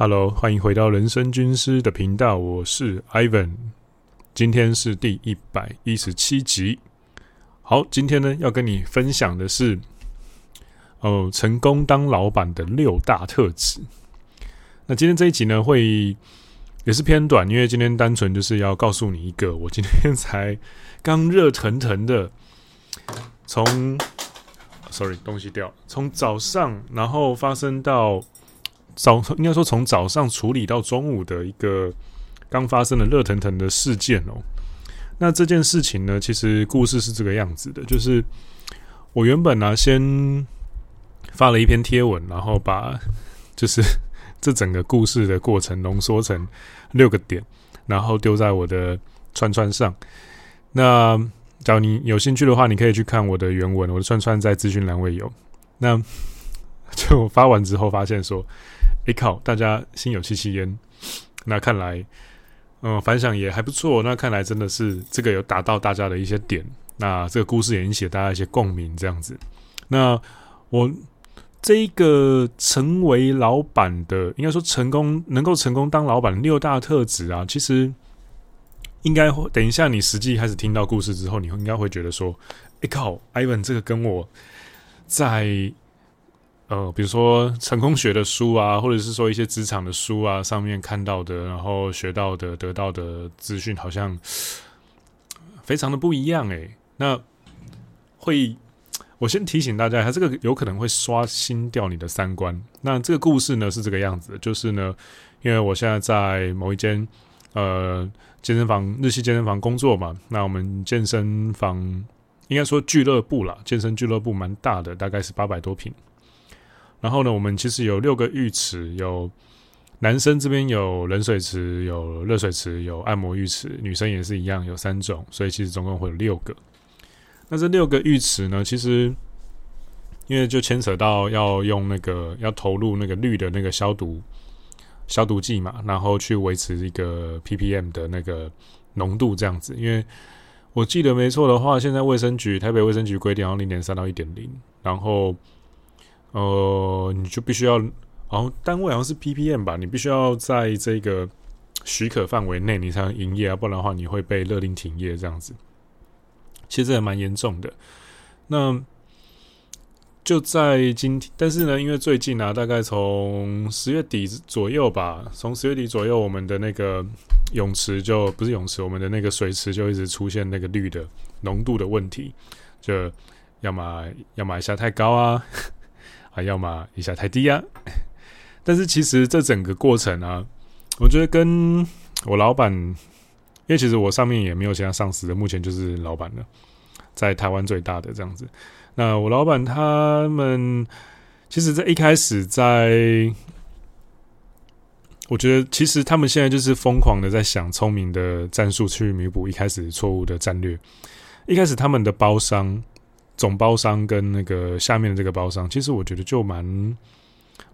哈嘍，Hello，歡迎回到人生軍師的頻道，我是 Ivan，今天是第一百一十七集。好，今天呢要跟你分享的是，哦、呃，成功當老闆的六大特質。那今天這一集呢，會也是偏短，因為今天單純就是要告訴你一個，我今天才剛熱騰騰的從，sorry，東西掉，從早上然後發生到。早應該說從早上處理到中午的一個剛發生的熱騰騰的事件哦。那這件事情呢，其實故事是這個樣子的，就是我原本呢、啊、先發了一篇貼文，然後把就是這整個故事的過程濃縮成六個點，然後丟在我的串串上。那假如你有興趣的話，你可以去看我的原文，我的串串在資訊欄位有。那就我發完之後發現說。哎、欸、靠！大家心有戚戚焉。那看來，嗯、呃，反響也還不錯。那看來真的是這個有達到大家的一些點。那這個故事也引起大家一些共鳴，這樣子。那我這一個成為老闆的，應該說成功，能夠成功當老闆的六大特質啊，其實應該會等一下你實際開始聽到故事之後，你會應該會覺得說，哎、欸、靠，Ivan 這個跟我在。呃，比如說成功學的書啊，或者是說一些職場的書啊，上面看到的，然後學到的，得到的資訊，好像非常的不一樣誒、欸，那會，我先提醒大家，它這個有可能會刷新掉你的三觀。那這個故事呢是這個樣子的，就是呢，因為我現在在某一間呃健身房、日系健身房工作嘛。那我們健身房，應該說俱樂部啦，健身俱樂部蠻大的，大概是八百多平。然後呢，我們其實有六個浴池，有男生這邊有冷水池、有熱水池、有按摩浴池，女生也是一樣，有三種，所以其實總共會有六個。那這六個浴池呢，其實因為就牽扯到要用那個要投入那個氯的那個消毒消毒劑嘛，然後去維持一個 ppm 的那個濃度這樣子。因為我記得沒錯的話，現在衛生局台北衛生局規定要零點三到一點零，然後。呃，你就必須要，好像單位好像是 ppm 吧，你必須要在這個許可範圍內，你才能營業啊，不然的話你會被勒令停業這樣子。其實也蠻嚴重的。那就在今天，但是呢，因為最近啊，大概從十月底左右吧，從十月底左右，我們的那個泳池就不是泳池，我們的那個水池就一直出現那個氯的濃度的問題，就要麼要麼下太高啊。要麼一下太低啊，但是其實這整個過程啊，我覺得跟我老板，因為其實我上面也沒有其他上司的，目前就是老板了，在台灣最大的這樣子。那我老板他們，其實，在一開始，在我覺得，其實他們現在就是瘋狂的在想聰明的戰術去彌補一開始錯誤的戰略。一開始他們的包商。總包商跟那個下面的這個包商，其實我覺得就蠻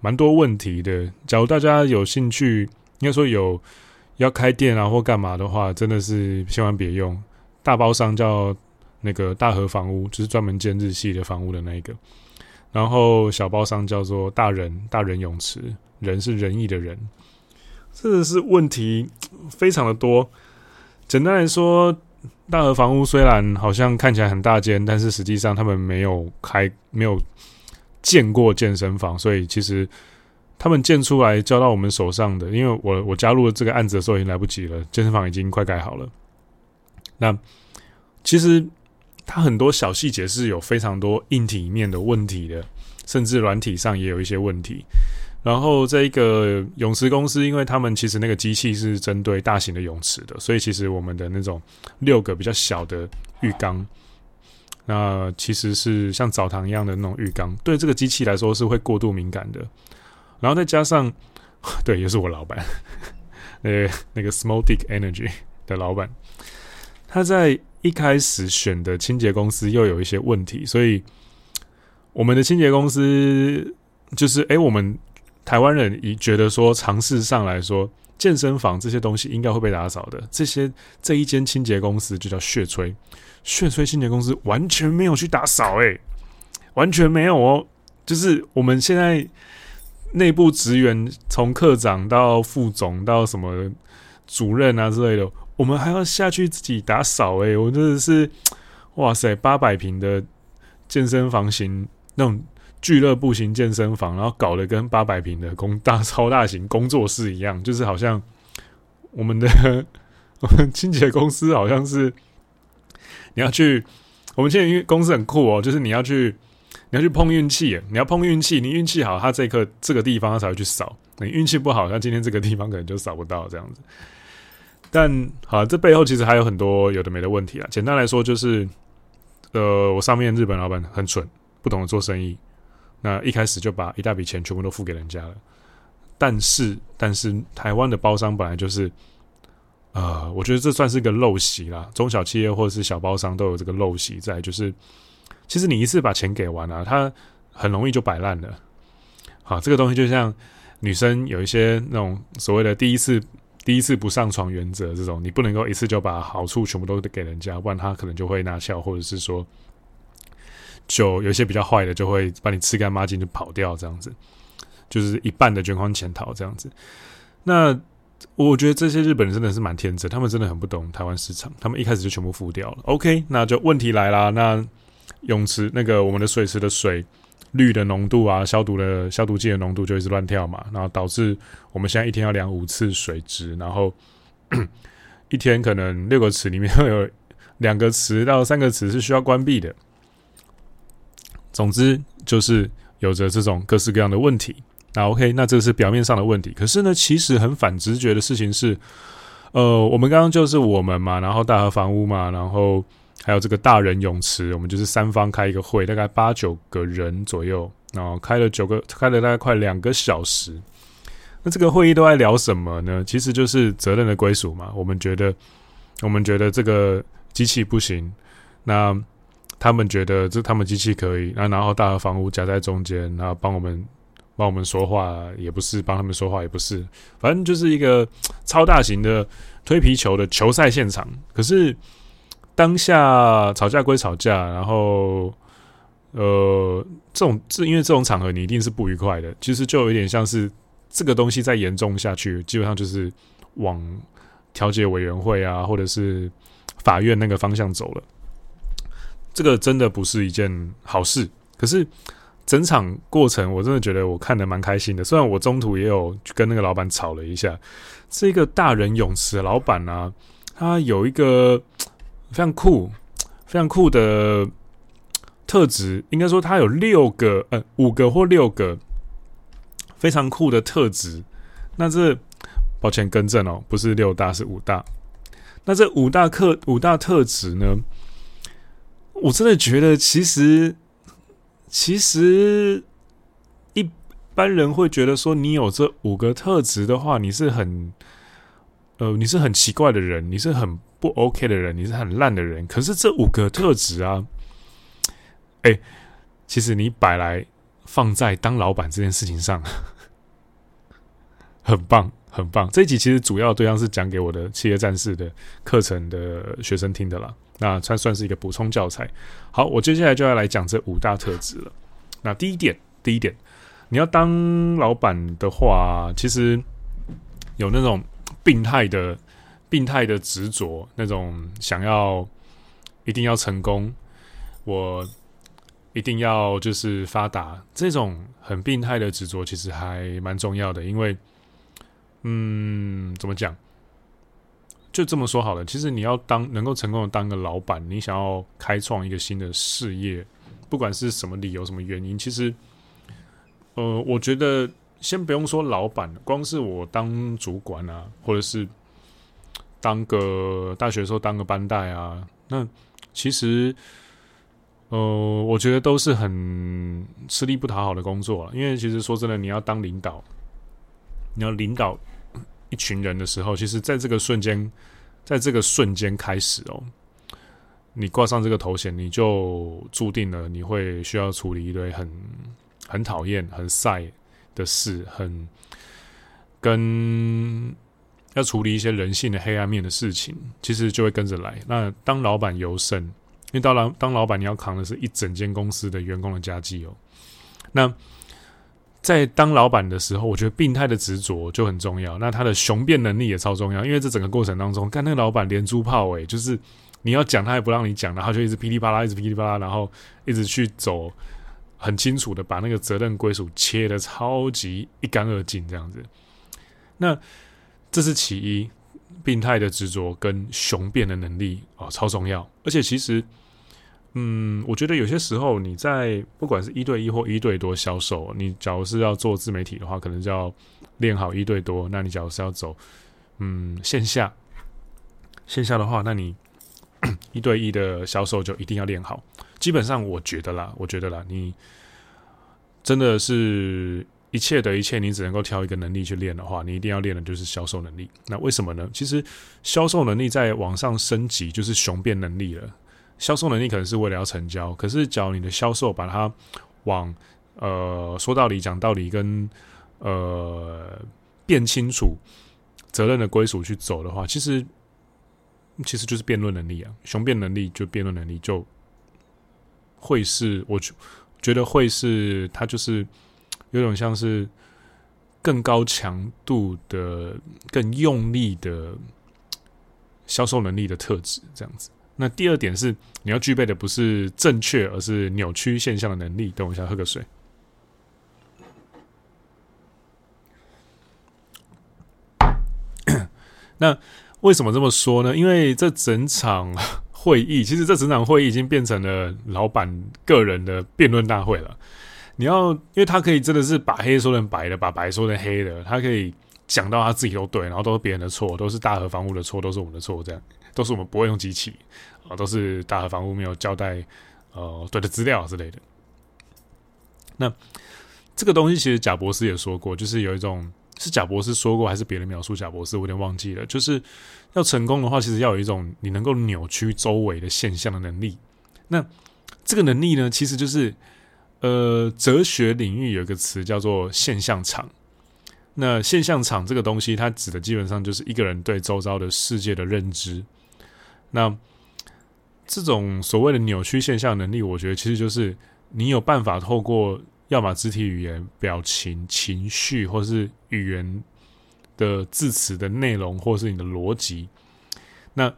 蠻多問題的。假如大家有興趣，應該說有要開店啊或幹嘛的話，真的是千萬別用大包商，叫那個大和房屋，就是專門建日系的房屋的那一個。然後小包商叫做大仁，大仁泳池，仁是仁義的人，真的是問題非常的多。簡單來說，大和房屋雖然好像看起來很大間，但是實際上他們沒有開、沒有建過健身房，所以其實他們建出來交到我們手上的，因為我我加入了這個案子的時候已經來不及了，健身房已經快蓋好了。那其實它很多小細節是有非常多硬體面的問題的，甚至軟體上也有一些問題。然後這一個泳池公司，因為他們其實那個機器是針對大型的泳池的，所以其實我們的那種六個比較小的浴缸，那其實是像澡堂一樣的那種浴缸，對這個機器來說是會過度敏感的。然後再加上，對，也是我老闆，呃、那個，那個 Small Dick Energy 的老闆，他在一開始選的清潔公司又有一些問題，所以我們的清潔公司就是，誒，我們。台灣人一覺得說嘗試上來說，健身房這些東西應該會被打掃的。這些這一間清潔公司就叫血吹，血吹清潔公司完全沒有去打掃，哎，完全沒有哦。就是我們現在內部職員從課長到副總到什麼主任啊之類的，我們還要下去自己打掃。哎，我真的是，哇塞，八百平的健身房型那種。俱樂部型健身房，然後搞得跟八百平的工大超大型工作室一樣，就是好像我們的我們清潔公司好像是你要去，我們現在公司很酷哦，就是你要去你要去碰運氣，你要碰運氣，你運氣好，他這個這個地方他才會去掃，你運氣不好，像今天這個地方可能就掃不到這樣子。但好啊，這背後其實還有很多有的沒的問題啊。簡單來說，就是呃，我上面日本老板很蠢，不懂得做生意。那一開始就把一大筆錢全部都付給人家了，但是但是台灣的包商本來就是，呃，我覺得這算是個陋習啦。中小企業或者是小包商都有這個陋習在，就是其實你一次把錢給完了，他很容易就擺爛了。好，這個東西就像女生有一些那種所謂的第一次第一次不上床原則這種，你不能夠一次就把好處全部都給人家，不然他可能就會拿翹或者是說，就有些比較壞的，就會把你吃乾抹淨就跑掉，這樣子就是一半的捲款潛逃這樣子。那我覺得這些日本人真的是蠻天真，他們真的很不懂台灣市場，他們一開始就全部付掉了。OK，那就問題來啦，那泳池那個我們的水池的水氯的濃度啊，消毒的消毒劑的濃度就會一直亂跳嘛，然後導致我們現在一天要量五次水質，然後一天可能六個池裡面會有兩個池到三個池是需要關閉的。總之就是有着這種各式各樣的問題。那 OK，那這是表面上的問題。可是呢，其實很反直覺的事情是，呃，我們剛剛就是我們嘛，然後大和房屋嘛，然後還有這個大人泳池，我們就是三方開一個會，大概八九個人左右，然後開了九個，開了大概快兩個小時。那這個會議都在聊什麼呢？其實就是責任的歸屬嘛。我們覺得，我們覺得這個機器不行，那。他們覺得這他們機器可以，那然後大和房屋夾在中間，然後幫我們幫我們說話也不是，幫他們說話也不是，反正就是一個超大型的推皮球的球賽現場。可是當下吵架歸吵架，然後呃，這種這因為這種場合你一定是不愉快的。其實就有點像是這個東西再嚴重下去，基本上就是往調解委員會啊，或者是法院那個方向走了。這個真的不是一件好事。可是，整場過程我真的覺得我看得蠻開心的。雖然我中途也有去跟那個老闆吵了一下，是、這、一個大人泳池的老闆啊，他有一個非常酷、非常酷的特質。應該說，他有六個、呃，五個或六個非常酷的特質。那這抱歉更正哦，不是六大，是五大。那這五大特五大特質呢？我真的覺得，其實，其實一般人會覺得說，你有這五個特質的話，你是很，呃，你是很奇怪的人，你是很不 OK 的人，你是很爛的人。可是這五個特質啊，哎、欸，其實你擺來放在當老闆這件事情上，很棒。很棒，這一集其實主要對象是講給我的企業戰士的課程的學生聽的啦。那算算是一個補充教材。好，我接下來就要來講這五大特質了。那第一點，第一點，你要當老闆的話，其實有那種病態的、病態的執着，那種想要一定要成功，我一定要就是發達，這種很病態的執着，其實還蠻重要的，因為。嗯，怎麼講？就這麼說好了。其實你要當能夠成功的當個老闆，你想要開創一個新的事業，不管是什麼理由、什麼原因，其實，呃，我覺得先不用說老闆，光是我當主管啊，或者是當個大學的時候當個班代啊，那其實，呃，我覺得都是很吃力不討好的工作啊，因為其實說真的，你要當領導，你要領導。一群人的時候，其實在這個瞬間，在這個瞬間開始哦、喔，你掛上這個頭銜，你就注定了你會需要處理一堆很很討厭、很衰的事，很跟要處理一些人性的黑暗面的事情，其實就會跟着來。那當老闆尤甚，因為老當老當老闆，你要扛的是一整間公司的員工的家計哦。那在當老板的時候，我覺得病態的執着就很重要。那他的雄辯能力也超重要，因為這整個過程當中，看那個老板連珠炮、欸，誒就是你要講，他也不讓你講，然後就一直噼里啪啦，一直噼里啪啦，然後一直去走，很清楚的把那個責任歸屬切得超級一乾二淨這樣子。那這是其一，病態的執着跟雄辯的能力哦，超重要。而且其實。嗯，我覺得有些時候你在不管是一對一或一對多銷售，你假如是要做自媒體的話，可能就要練好一對多；那你假如是要走嗯線下，線下的話，那你一對一的銷售就一定要練好。基本上我覺得啦，我覺得啦，你真的是一切的一切，你只能夠挑一個能力去練的話，你一定要練的就是銷售能力。那為什麼呢？其實銷售能力再往上升級就是雄辯能力了。銷售能力可能是為了要成交，可是，假如你的銷售把它往呃說道理、講道理、跟呃辯清楚責任的歸屬去走的話，其實其實就是辯論能力啊，雄辯能力就辯論能力就會是，我就覺得會是它就是有種像是更高強度的、更用力的銷售能力的特質這樣子。那第二點是，你要具備的不是正確，而是扭曲現象的能力。等我一下，喝個水。 那為什麼這麼說呢？因為這整場會議，其實這整場會議已經變成了老板個人的辯論大會了。你要，因為他可以真的是把黑說成白的，把白說成黑的。他可以講到他自己都對，然後都是別人的錯，都是大和房屋的錯，都是我們的錯，這樣。都是我們不會用機器啊，都是大和房屋沒有交代呃對的資料之類的。那這個東西其實賈伯斯也說過，就是有一種是賈伯斯說過還是別人描述賈伯斯，我有點忘記了。就是要成功的話，其實要有一種你能夠扭曲周圍的現象的能力。那這個能力呢，其實就是呃哲學領域有一個詞叫做現象場。那現象場這個東西，它指的基本上就是一個人對周遭的世界的認知。那這種所謂的扭曲現象能力，我覺得其實就是你有辦法透過，要嘛肢體語言、表情、情緒，或是語言的字詞的內容，或是你的邏輯，那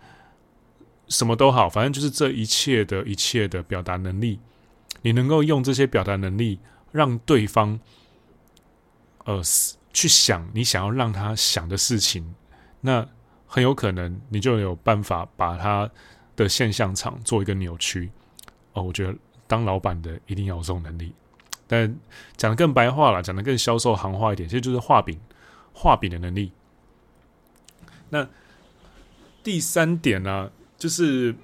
什麼都好，反正就是這一切的一切的表達能力，你能夠用這些表達能力讓對方，呃，去想你想要讓他想的事情，那，很有可能你就有辦法把他的現象場做一個扭曲。哦、呃，我覺得當老闆的一定要有這種能力。但講得更白話了，講得更銷售行話一點，其實就是畫餅，畫餅的能力。那第三點呢、啊，就是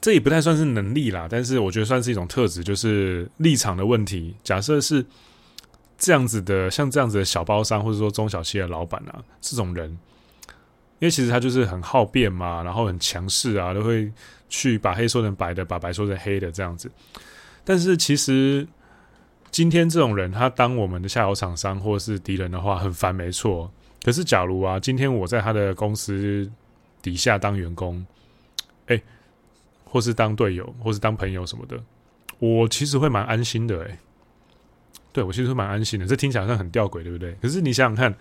這也不太算是能力啦，但是我覺得算是一種特質，就是立場的問題。假設是這樣子的，像這樣子的小包商或者說中小企業的老闆啊，這種人。因為其實他就是很好辯嘛，然後很強勢啊，都會去把黑說成白的，把白說成黑的這樣子。但是其實今天這種人，他當我們的下游廠商或者是敵人的話，很煩，沒錯。可是假如啊，今天我在他的公司底下當員工，誒，或是當隊友，或是當朋友什麼的，我其實會蠻安心的。誒。對我其實會蠻安心的。這聽起來好像很吊詭，對不對？可是你想想看。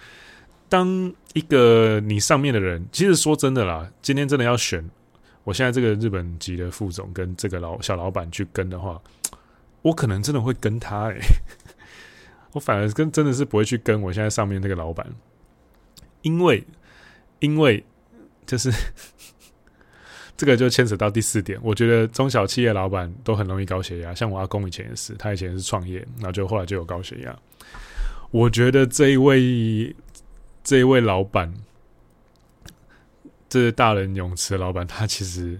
當一個你上面的人，其實說真的啦，今天真的要選我現在這個日本籍的副總跟這個老小老板去跟的話，我可能真的會跟他誒、欸。我反而跟真的是不會去跟我現在上面那個老板，因為因為就是呵呵這個就牽扯到第四點，我覺得中小企業老板都很容易高血壓，像我阿公以前也是，他以前是創業，然後就後來就有高血壓。我覺得這一位。這一位老板，這是大人泳池的老闆，他其實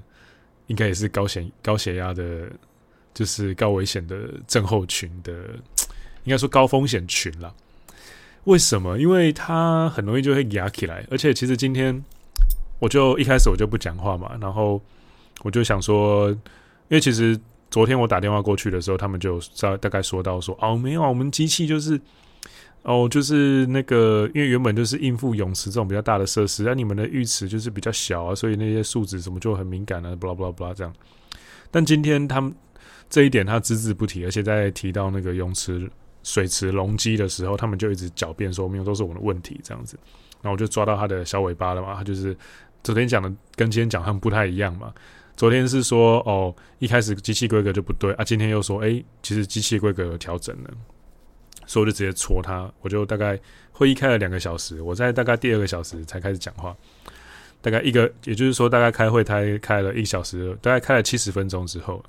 應該也是高血高血壓的，就是高危險的症候群的，應該說高風險群了。為什麼？因為他很容易就會壓起來，而且其實今天我就一開始我就不講話嘛，然後我就想說，因為其實昨天我打電話過去的時候，他們就在大概說到說，哦，沒有，啊，我們機器就是。哦，就是那個，因為原本就是應付泳池這種比較大的設施，那你們的浴池就是比較小啊，所以那些數值怎麼就很敏感呢、啊？巴拉巴拉巴拉這樣。但今天他們這一點他只字，字不提，而且在提到那個泳池水池容積的時候，他們就一直狡辯說沒有，都是我的問題這樣子。然後我就抓到他的小尾巴了嘛，他就是昨天講的跟今天講的很不太一樣嘛。昨天是說哦一開始機器規格就不對啊，今天又說哎、欸，其實機器規格有調整了。所以我就直接戳他，我就大概會議開了兩個小時，我在大概第二個小時才開始講話，大概一個，也就是說大概開會開開了一小時，大概開了七十分鐘之後，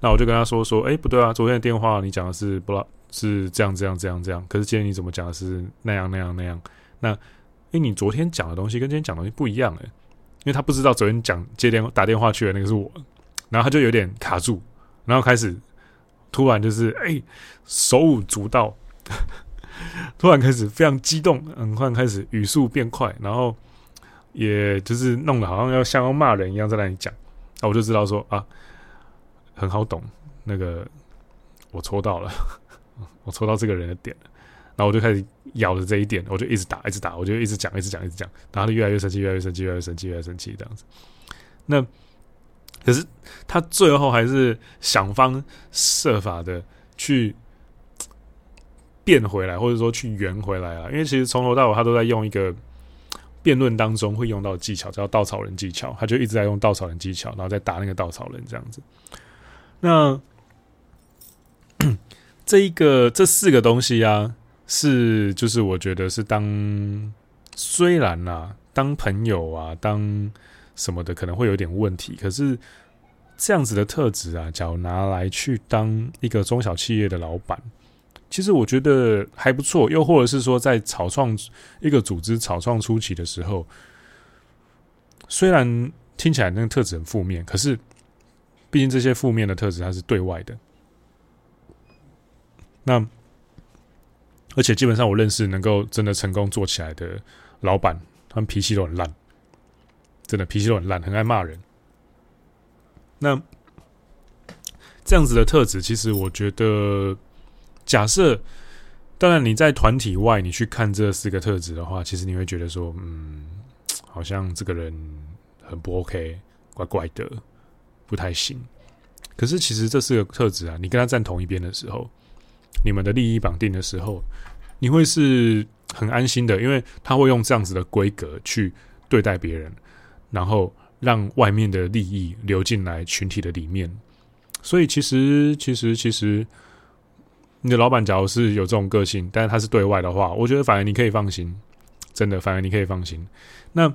那我就跟他說說，哎、欸，不對啊，昨天的電話你講的是不知道是這樣這樣這樣這樣，可是今天你怎麼講的是那樣那樣那樣？那哎，欸，你昨天講的東西跟今天講的東西不一樣哎、欸，因為他不知道昨天講接電話打電話去的那個是我，然後他就有點卡住，然後開始。突然就是哎、欸，手舞足蹈，突然開始非常激動，很快開始語速變快，然後也就是弄得好像要像要罵人一樣在那裡講，那我就知道說啊，很好懂，那個我戳到了，我戳到這個人的點，然後我就開始咬着這一點，我就一直打，一直打，我就一直講，一直講，一直講，然後就越來越生氣，越來越生氣，越來越生氣，越來越生氣這樣子，那。可是他最後還是想方設法的去變回來，或者說去圓回來啊。因為其實從頭到尾他都在用一個辯論當中會用到的技巧，叫稻草人技巧。他就一直在用稻草人技巧，然後在打那個稻草人這樣子。那這一個，這四個東西啊，是就是我覺得是當雖然啊，當朋友啊，當。什麼的可能會有點問題，可是這樣子的特質啊，假如拿來去當一個中小企業的老闆，其實我覺得還不錯。又或者是說，在草創一個組織草創初期的時候，雖然聽起來那個特質很負面，可是畢竟這些負面的特質它是對外的。那而且基本上我認識能夠真的成功做起來的老闆，他們脾氣都很爛。真的脾氣都很爛，很愛罵人。那這樣子的特質，其實我覺得，假設當然你在團體外，你去看這四個特質的話，其實你會覺得說，嗯，好像這個人很不 OK，怪怪的，不太行。可是其實這四個特質啊，你跟他站同一邊的時候，你們的利益綁定的時候，你會是很安心的，因為他會用這樣子的規格去對待別人。然後讓外面的利益流進來群體的裡面，所以其實其實其實，其實你的老闆，假如是有這種個性，但是他是對外的話，我覺得反而你可以放心，真的，反而你可以放心。那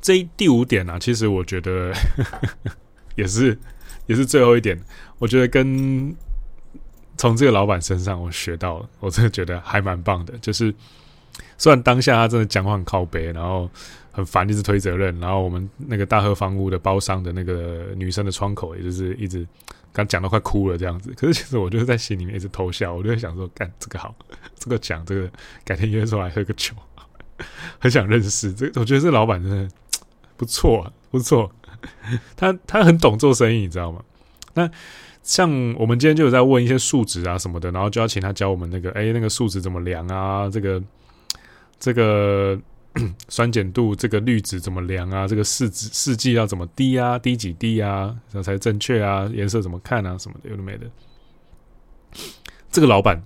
這第五點呢、啊，其實我覺得呵呵也是也是最後一點，我覺得跟從這個老闆身上我學到了，我真的覺得還蠻棒的，就是。雖然當下他真的講話很靠北，然後很煩，一直推責任。然後我們那個大和房屋的包商的那個女生的窗口，也就是一直剛講到快哭了這樣子。可是其實我就是在心裡面一直偷笑，我就會想說，幹，這個好，這個講這個，改天約出來喝個酒，很想認識。這個、我覺得這老闆真的不錯，不錯。他他很懂做生意，你知道嗎？那像我們今天就有在問一些數值啊什麼的，然後就要請他教我們那個，誒、欸，那個數值怎麼量啊？這個。這個酸鹼度，這個濾紙怎麼量啊？這個試紙試劑要怎麼滴啊？滴幾滴啊？才正確啊？顏色怎麼看啊？什麼的有的沒的。這個老闆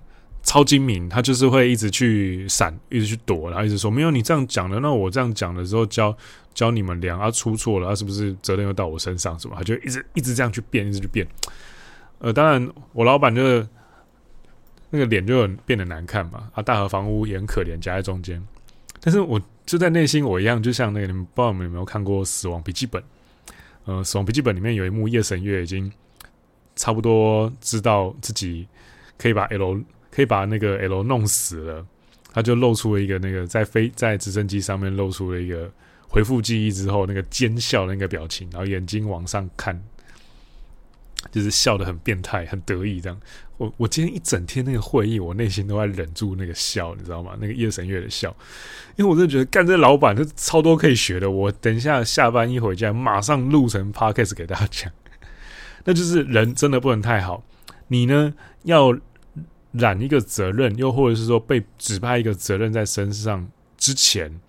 超精明，他就是會一直去閃，一直去躲，然後一直說：“沒有你這樣講的，那我這樣講的時候，教教你們量，啊，出錯了，啊，是不是責任又到我身上？什麼？他就一直一直這樣去變，一直去變。呃，當然我老闆就是。那個臉就很變得難看嘛，啊，大和房屋也很可憐，夾在中間。但是我就在內心，我一樣，就像那個，你們不知道，你們有沒有看過《死亡筆記本》？嗯，《死亡筆記本》裡面有一幕，夜神月已經差不多知道自己可以把 L，可以把那個 L 弄死了，他就露出了一個那個在飛在直升機上面露出了一個恢復記憶之後那個奸笑的那個表情，然後眼睛往上看。就是笑得很變態，很得意這樣。我我今天一整天那個會議，我內心都在忍住那個笑，你知道嗎？那個夜神月的笑，因為我真的覺得幹這老闆，這超多可以學的。我等一下下班一回家，馬上錄成 podcast 給大家講。 那就是人真的不能太好，你呢要攬一個責任，又或者是說被指派一個責任在身上之前，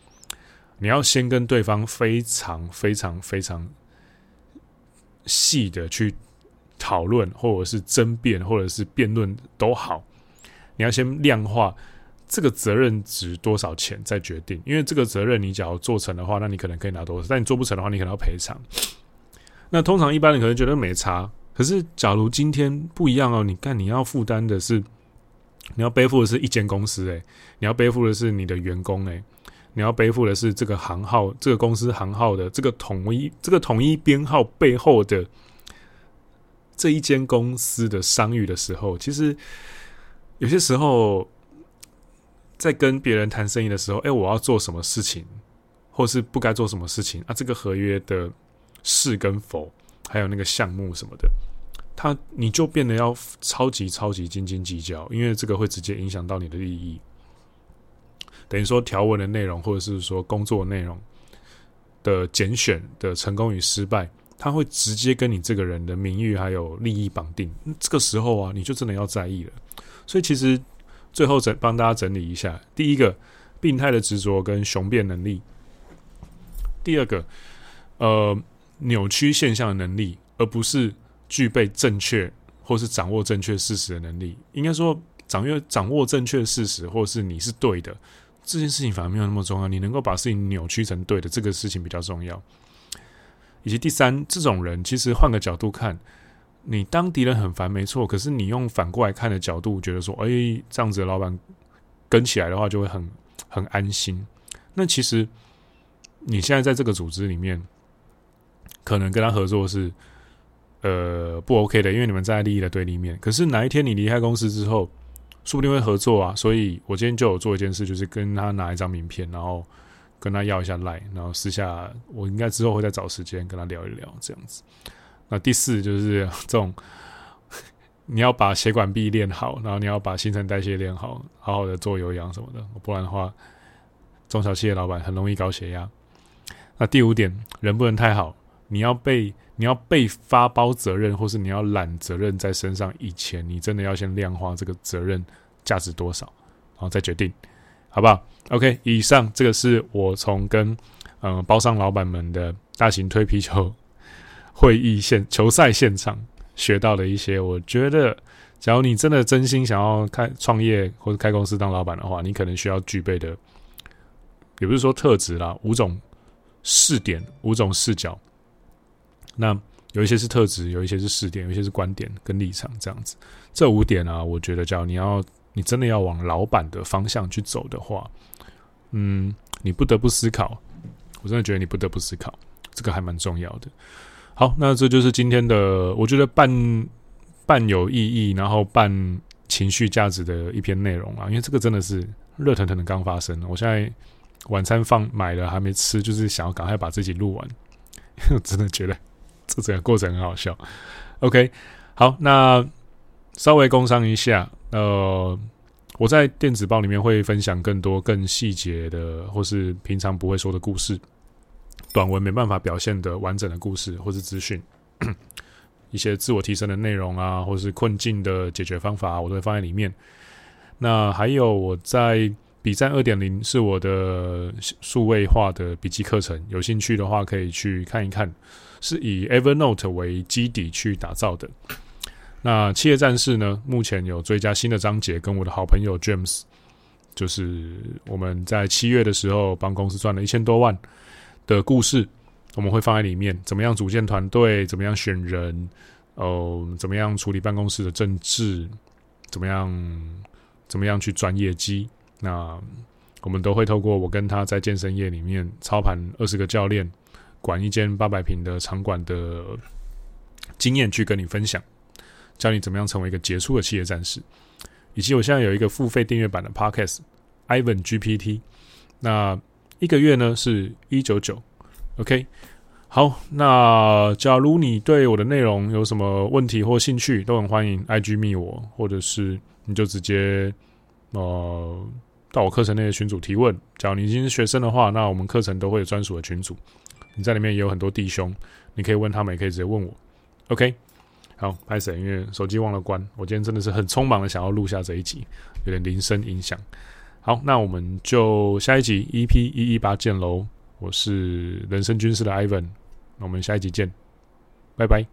你要先跟對方非常非常非常細的去。討論，或者是爭辯，或者是辯論都好，你要先量化這個責任值多少錢，再決定。因為這個責任，你只要做成的話，那你可能可以拿多少；但你做不成的話，你可能要賠償。那通常一般人可能覺得沒差，可是假如今天不一樣哦，你看你要負擔的是，你要背負的是一間公司，誒，你要背負的是你的員工，誒，你要背負的是這個行號，這個公司行號的這個統一，這個統一編號背後的。這一間公司的商譽的時候，其實有些時候在跟別人談生意的時候，哎、欸，我要做什麼事情，或是不該做什麼事情啊？這個合約的是跟否，還有那個項目什麼的，他你就變得要超級超級斤斤計較，因為這個會直接影響到你的利益。等於說條文的內容，或者是說工作內容的揀選的成功與失敗。他會直接跟你這個人的名譽還有利益綁定，這個時候啊，你就真的要在意了。所以其實最後再幫大家整理一下：第一個，病態的執着跟雄辯能力；第二個，呃，扭曲現象的能力，而不是具備正確或是掌握正確事實的能力。應該說，掌握掌握正確事實，或是你是對的這件事情反而沒有那麼重要。你能夠把事情扭曲成對的，這個事情比較重要。以及第三，這種人其實換個角度看，你當敵人很煩沒錯，可是你用反過來看的角度，覺得說，哎、欸，這樣子的老板跟起來的話，就會很很安心。那其實你現在在這個組織裡面，可能跟他合作是呃不 OK 的，因為你們站在利益的對立面。可是哪一天你離開公司之後，說不定會合作啊。所以，我今天就有做一件事，就是跟他拿一張名片，然後。跟他要一下 line，然後私下我應該之後會再找時間跟他聊一聊這樣子。那第四就是這種，你要把血管壁練好，然後你要把新陳代謝練好，好好的做有氧什麼的，不然的話，中小企業老板很容易高血壓。那第五點，人不能太好，你要被你要被發包責任，或是你要攬責任在身上以前，你真的要先量化這個責任價值多少，然後再決定，好不好？OK，以上這個是我從跟嗯、呃、包商老板們的大型推皮球會議現球賽現場學到的一些。我覺得，假如你真的真心想要開創業或者開公司當老板的話，你可能需要具備的，也不是說特質啦，五種視點、五種視角。那有一些是特質，有一些是視點，有一些是觀點跟立場這樣子。這五點啊，我覺得，假如你要。你真的要往老闆的方向去走的話，嗯，你不得不思考。我真的覺得你不得不思考，這個還蠻重要的。好，那這就是今天的，我覺得半半有意義，然後半情緒價值的一篇內容啊，因為這個真的是熱騰騰的剛發生了。我現在晚餐放買了還沒吃，就是想要趕快把自己錄完。我真的覺得這整個過程很好笑。OK，好，那稍微工商一下。呃，我在電子報裡面會分享更多、更細節的，或是平常不會說的故事、短文，沒辦法表現的完整的故事，或是資訊，一些自我提升的內容啊，或是困境的解決方法，我都會放在裡面。那還有我在筆戰2.0是我的數位化的筆記課程，有興趣的話可以去看一看，是以 Evernote 為基底去打造的。那《企業戰士》呢？目前有追加新的章節，跟我的好朋友 James，就是我們在七月的時候幫公司賺了一千多萬的故事，我們會放在裡面。怎麼樣組建團隊？怎麼樣選人？哦、呃，怎麼樣處理辦公室的政治？怎麼樣？怎麼樣去賺業績？那我們都會透過我跟他在健身業裡面操盤二十個教練，管一間八百坪的場館的經驗去跟你分享。教你怎麼樣成為一個傑出的企業戰士，以及我現在有一個付費訂閱版的 Podcast IVEN GPT，那一個月呢是一九九，OK。好，那假如你對我的內容有什麼問題或興趣，都很歡迎 IG 密我，或者是你就直接呃到我課程內的群組提問。假如你已經是學生的話，那我們課程都會有專屬的群組，你在裡面也有很多弟兄，你可以問他們，也可以直接問我。OK。好，拍謝因為手機忘了關，我今天真的是很匆忙的想要錄下這一集，有點鈴聲影響。好，那我們就下一集 EP 一一八見嘍，我是人生軍師的 Ivan，那我們下一集見，拜拜。